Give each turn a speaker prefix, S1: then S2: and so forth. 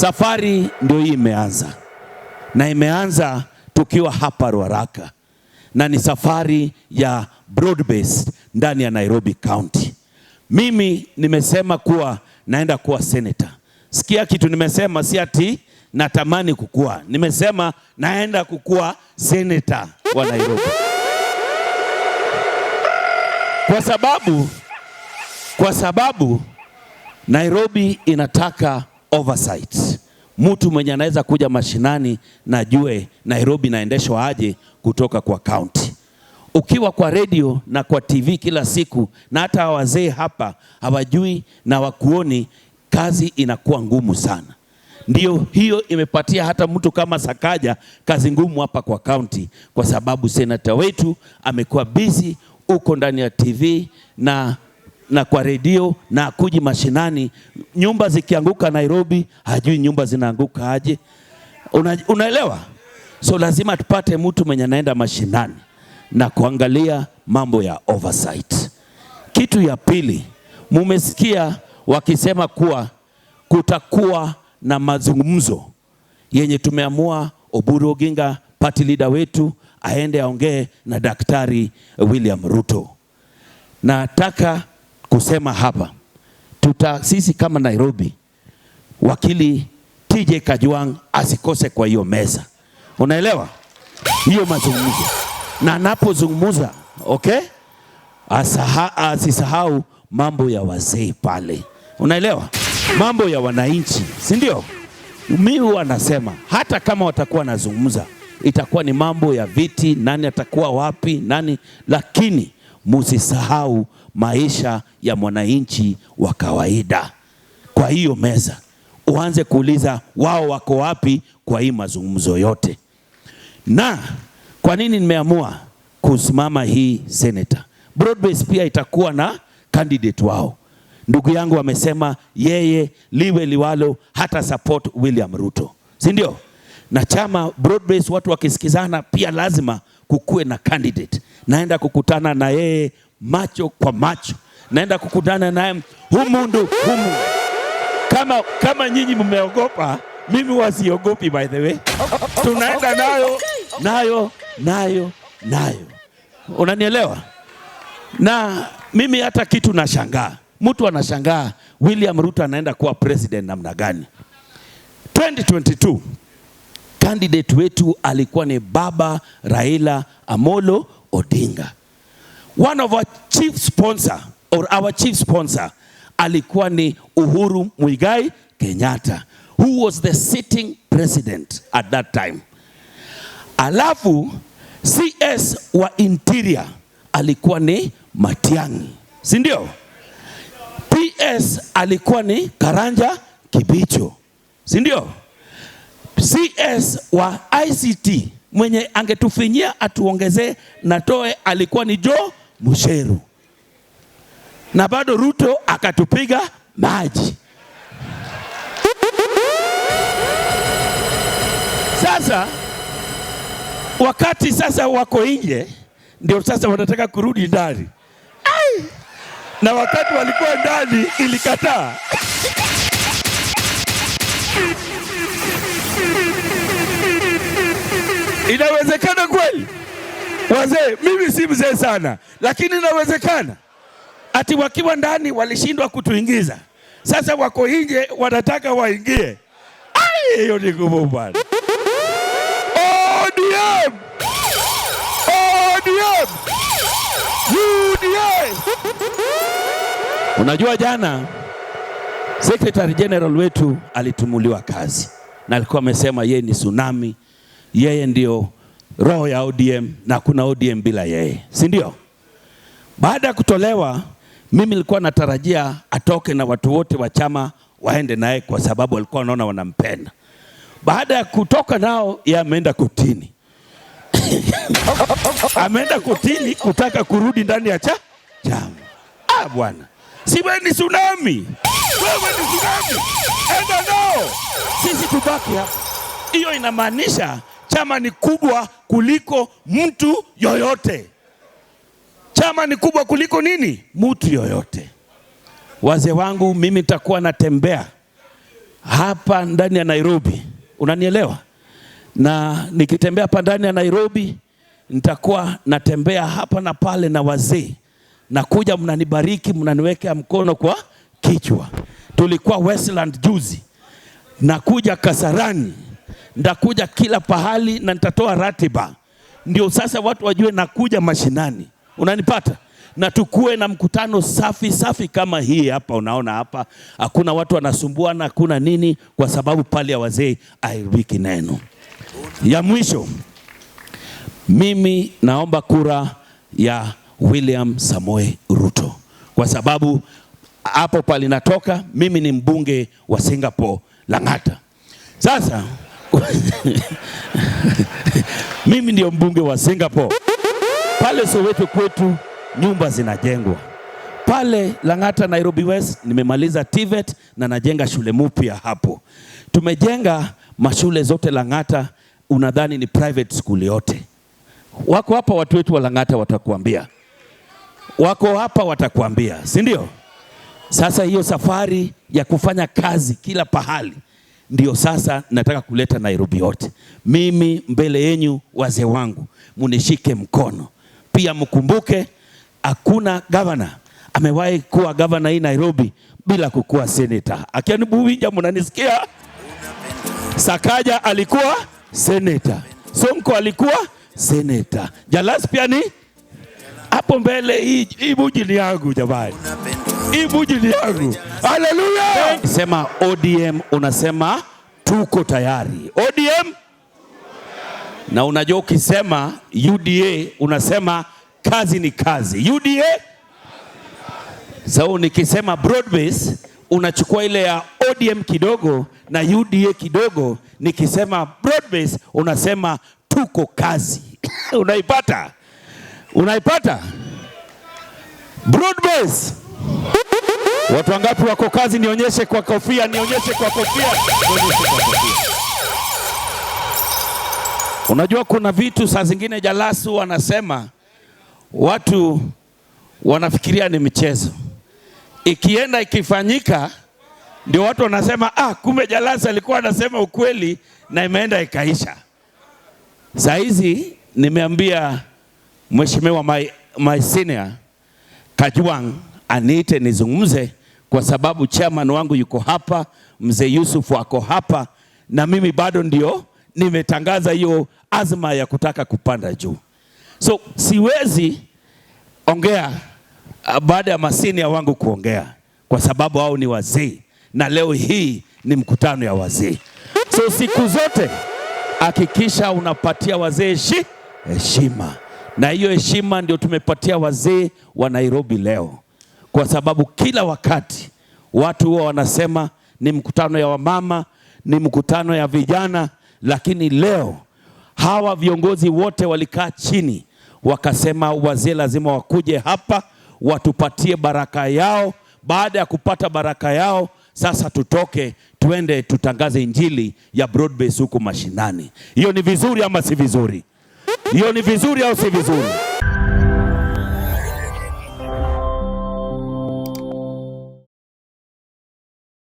S1: Safari ndio hii imeanza, na imeanza tukiwa hapa Ruaraka, na ni safari ya broad based ndani ya Nairobi County. Mimi nimesema kuwa naenda kuwa senator. Sikia kitu nimesema, si ati natamani kukua, nimesema naenda kukua senator wa Nairobi kwa sababu, kwa sababu Nairobi inataka oversight mtu mwenye anaweza kuja mashinani na jue Nairobi naendeshwa aje kutoka kwa kaunti. Ukiwa kwa redio na kwa TV kila siku, na hata wazee hapa hawajui na wakuoni, kazi inakuwa ngumu sana. Ndiyo hiyo imepatia hata mtu kama Sakaja kazi ngumu hapa kwa kaunti, kwa sababu senata wetu amekuwa busy, uko ndani ya TV na na kwa redio na akuji mashinani. Nyumba zikianguka Nairobi, hajui nyumba zinaanguka aje. Una, unaelewa? So lazima tupate mtu mwenye anaenda mashinani na kuangalia mambo ya oversight. Kitu ya pili, mumesikia wakisema kuwa kutakuwa na mazungumzo yenye tumeamua Oburu Oginga party leader wetu aende aongee na Daktari William Ruto. Nataka kusema hapa tuta, sisi kama Nairobi, wakili TJ Kajwang asikose kwa hiyo meza, unaelewa hiyo mazungumzo, na anapozungumza okay, asaha, asisahau mambo ya wazee pale, unaelewa mambo ya wananchi, si ndio? Mimi huwa nasema hata kama watakuwa nazungumza itakuwa ni mambo ya viti, nani atakuwa wapi, nani, lakini musisahau maisha ya mwananchi wa kawaida. Kwa hiyo meza uanze kuuliza wao wako wapi kwa hii mazungumzo yote. Na kwa nini nimeamua kusimama hii seneta? Broadbase pia itakuwa na candidate wao. Ndugu yangu amesema yeye liwe liwalo hata support William Ruto, si ndio? Na chama Broadbase, watu wakisikizana, pia lazima kukuwe na candidate. Naenda kukutana na yeye macho kwa macho, naenda kukutana naye humundu humu. Kama, kama nyinyi mmeogopa, mimi wasiogopi. By the way, tunaenda nayo nayo nayo nayo, unanielewa? Na mimi hata kitu nashangaa, mtu anashangaa William Ruto anaenda kuwa president namna gani? 2022 candidate wetu alikuwa ni baba Raila Amolo Odinga one of our chief sponsor or our chief sponsor alikuwa ni Uhuru Muigai Kenyatta who was the sitting president at that time. Alafu CS wa interior alikuwa ni Matiang'i, si ndio? PS alikuwa ni Karanja Kibicho, si ndio? CS wa ICT mwenye angetufinyia atuongezee na toe alikuwa ni Joe Musheru, na bado Ruto akatupiga maji. Sasa wakati sasa wako nje, ndio sasa wanataka kurudi ndani, na wakati walikuwa ndani ilikataa. Inawezekana kweli? Wazee, mimi si mzee sana, lakini inawezekana ati wakiwa ndani walishindwa kutuingiza, sasa wako nje wanataka waingie. Ai, hiyo ni ngumu bwana. ODM, ODM, UDA. Unajua jana Secretary General wetu alitumuliwa kazi na alikuwa amesema yeye ni tsunami, yeye ndio roho ya ODM na kuna ODM bila yeye, si ndio? Baada ya kutolewa, mimi nilikuwa natarajia atoke na watu wote wa chama waende naye, kwa sababu walikuwa wanaona wanampenda. Baada ya kutoka nao, yeye ameenda kutini ameenda kutini kutaka kurudi ndani ya cha chama. Ah, bwana, siwe ni tsunami, wewe ni tsunami, enda nao, sisi tubaki hapa. Hiyo inamaanisha chama ni kubwa kuliko mtu yoyote. Chama ni kubwa kuliko nini? Mtu yoyote. Wazee wangu, mimi nitakuwa natembea hapa ndani ya Nairobi, unanielewa? Na nikitembea hapa ndani ya Nairobi nitakuwa natembea hapa na pale na wazee, nakuja mnanibariki, mnaniwekea mkono kwa kichwa. Tulikuwa Westland juzi, nakuja Kasarani ntakuja kila pahali na nitatoa ratiba, ndio sasa watu wajue nakuja mashinani. Unanipata? na tukue na mkutano safi safi kama hii hapa. Unaona hapa hakuna watu wanasumbuana, hakuna nini, kwa sababu pale ya wazee airiki neno ya mwisho. Mimi naomba kura ya William Samoe Ruto kwa sababu hapo palinatoka. Mimi ni mbunge wa Singapore Lang'ata. Sasa mimi ndio mbunge wa Singapore pale Soweto kwetu nyumba zinajengwa pale Lang'ata, Nairobi West, nimemaliza TVET na najenga shule mpya hapo. Tumejenga mashule zote Lang'ata, unadhani ni private school yote. Wako hapa watu wetu wa Lang'ata watakuambia, wako hapa watakuambia, si ndio? Sasa hiyo safari ya kufanya kazi kila pahali ndio sasa nataka kuleta Nairobi yote. Mimi mbele yenyu wazee wangu, munishike mkono pia, mkumbuke hakuna gavana amewahi kuwa gavana hii Nairobi bila kukuwa seneta. Akiani Buwija, mnanisikia? Sakaja alikuwa seneta, Sonko alikuwa seneta, Jalas pia ni hapo mbele. Hii buji ni yangu jamani ibu yangu. Haleluya! Sema ODM, unasema tuko tayari. ODM na unajua ukisema UDA unasema kazi ni kazi. UDA so, nikisema broad base unachukua ile ya ODM kidogo na UDA kidogo. Nikisema broad base unasema tuko kazi. Unaipata? Unaipata? Broad base Watu wangapi wako kazi? Nionyeshe kwa kofia, nionyeshe kwa kofia, nionyeshe kwa kofia. Unajua kuna vitu saa zingine jalasu wanasema watu wanafikiria ni mchezo, ikienda ikifanyika ndio watu wanasema ah, kumbe Jalasu alikuwa anasema ukweli na imeenda ikaisha. Saa hizi nimeambia mheshimiwa my, my senior Kajwang' aniite nizungumze kwa sababu chairman wangu yuko hapa, mzee Yusuf wako hapa, na mimi bado ndio nimetangaza hiyo azma ya kutaka kupanda juu. So siwezi ongea uh, baada ya masinia wangu kuongea, kwa sababu hao ni wazee, na leo hii ni mkutano ya wazee. So siku zote hakikisha unapatia wazee heshima, na hiyo heshima ndio tumepatia wazee wa Nairobi leo kwa sababu kila wakati watu huwa wanasema ni mkutano ya wamama, ni mkutano ya vijana, lakini leo hawa viongozi wote walikaa chini wakasema, wazee lazima wakuje hapa watupatie baraka yao. Baada ya kupata baraka yao, sasa tutoke tuende tutangaze injili ya Broadbase huko mashinani. Hiyo ni vizuri ama si vizuri? Hiyo ni vizuri au si vizuri?